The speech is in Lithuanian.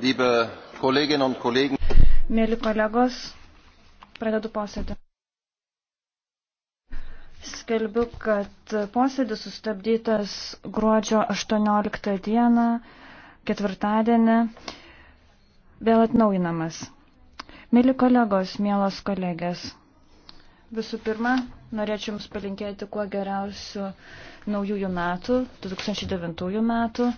Mėly kolegos, pradedu posėdį. Skelbiu, kad posėdis sustabdytas gruodžio 18 dieną, ketvirtadienį, vėl atnaujinamas. Mėly kolegos, mielos kolegės, visų pirma, norėčiau Jums palinkėti kuo geriausių naujųjų metų, 2009 metų.